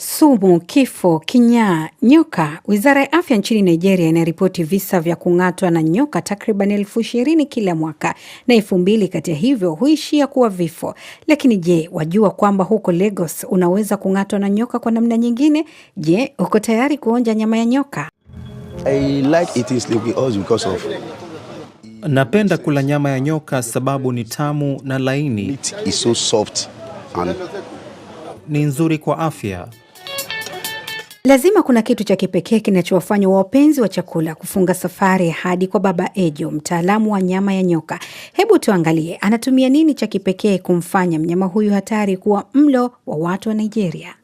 Sumu, kifo, kinyaa, nyoka. Wizara ya afya nchini Nigeria inaripoti visa vya kung'atwa na nyoka takriban elfu ishirini kila mwaka na elfu mbili kati ya hivyo huishia kuwa vifo. Lakini je, wajua kwamba huko Lagos unaweza kung'atwa na nyoka kwa namna nyingine? Je, uko tayari kuonja nyama ya nyoka? I like eating sleeping because of napenda kula nyama ya nyoka sababu ni tamu na laini. It is so soft and... ni nzuri kwa afya. Lazima kuna kitu cha kipekee kinachowafanya wapenzi wa chakula kufunga safari hadi kwa Baba Ejo, mtaalamu wa nyama ya nyoka. Hebu tuangalie anatumia nini cha kipekee kumfanya mnyama huyu hatari kuwa mlo wa watu wa Nigeria.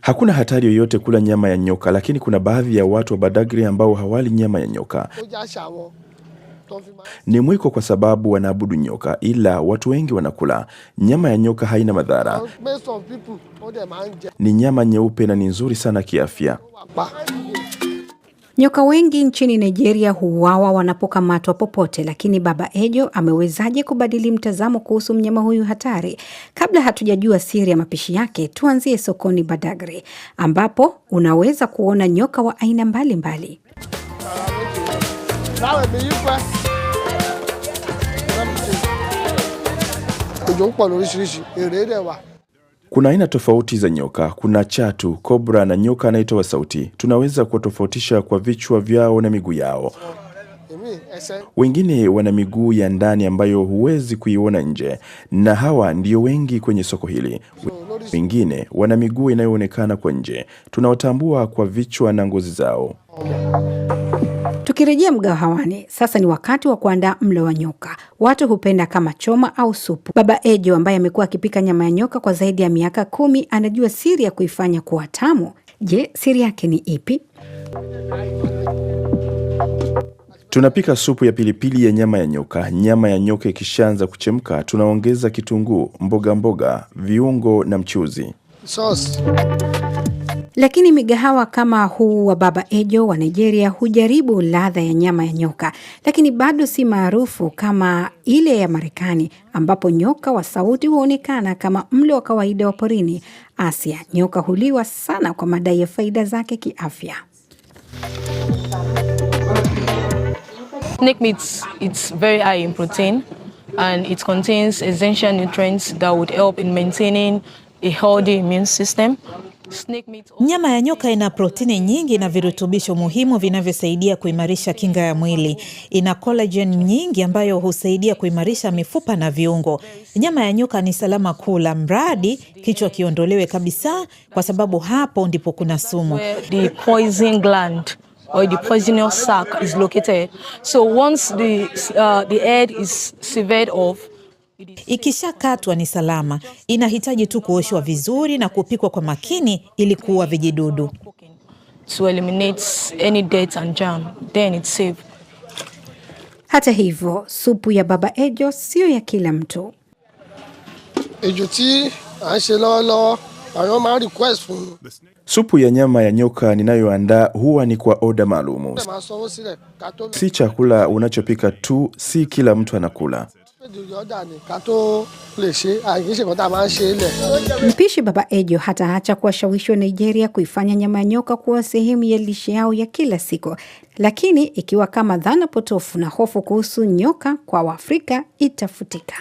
Hakuna hatari yoyote kula nyama ya nyoka, lakini kuna baadhi ya watu wa badagri ambao hawali nyama ya nyoka. Ni mwiko kwa sababu wanaabudu nyoka, ila watu wengi wanakula nyama ya nyoka. Haina madhara, ni nyama nyeupe na ni nzuri sana kiafya. Nyoka wengi nchini Nigeria huuawa wanapokamatwa popote, lakini Baba Ejo amewezaje kubadili mtazamo kuhusu mnyama huyu hatari? Kabla hatujajua siri ya mapishi yake, tuanzie sokoni Badagry ambapo unaweza kuona nyoka wa aina mbalimbali mbali. Kuna aina tofauti za nyoka. Kuna chatu, kobra na nyoka anayetoa sauti. Tunaweza kuwatofautisha kwa vichwa vyao na miguu yao. Wengine wana miguu ya ndani ambayo huwezi kuiona nje, na hawa ndio wengi kwenye soko hili. Wengine wana miguu inayoonekana kwa nje, tunawatambua kwa vichwa na ngozi zao. Oh. Tukirejea mgahawani, sasa ni wakati wa kuandaa mlo wa nyoka. Watu hupenda kama choma au supu. Baba Ejo ambaye amekuwa akipika nyama ya nyoka kwa zaidi ya miaka kumi anajua siri ya kuifanya kuwa tamu. Je, siri yake ni ipi? Tunapika supu ya pilipili ya nyama ya nyoka. Nyama ya nyoka ikishaanza kuchemka, tunaongeza kitunguu, mboga mboga, viungo na mchuzi sauce. Lakini migahawa kama huu wa Baba Ejo wa Nigeria hujaribu ladha ya nyama ya nyoka, lakini bado si maarufu kama ile ya Marekani ambapo nyoka wa sauti huonekana kama mlo wa kawaida wa porini. Asia, nyoka huliwa sana kwa madai ya faida zake kiafya. Snake meat, it's very high in protein and it contains essential nutrients that would help in maintaining a healthy immune system. Nyama ya nyoka ina protini nyingi na virutubisho muhimu vinavyosaidia kuimarisha kinga ya mwili. Ina collagen nyingi ambayo husaidia kuimarisha mifupa na viungo. Nyama ya nyoka ni salama kula, mradi kichwa kiondolewe kabisa, kwa sababu hapo ndipo kuna sumu. The poison gland or the poisonous sac is located. So once the, uh, the head is severed off Ikishakatwa ni salama, inahitaji tu kuoshwa vizuri na kupikwa kwa makini ili kuua vijidudu. Hata hivyo, supu ya Baba Ejo siyo ya kila mtu. Supu ya nyama ya nyoka ninayoandaa huwa ni kwa oda maalumu, si chakula unachopika tu, si kila mtu anakula. Mpishi Baba ejo hataacha kuwashawishi wa Nigeria kuifanya nyama ya nyoka kuwa sehemu ya lishe yao ya kila siku, lakini ikiwa kama dhana potofu na hofu kuhusu nyoka kwa Waafrika itafutika.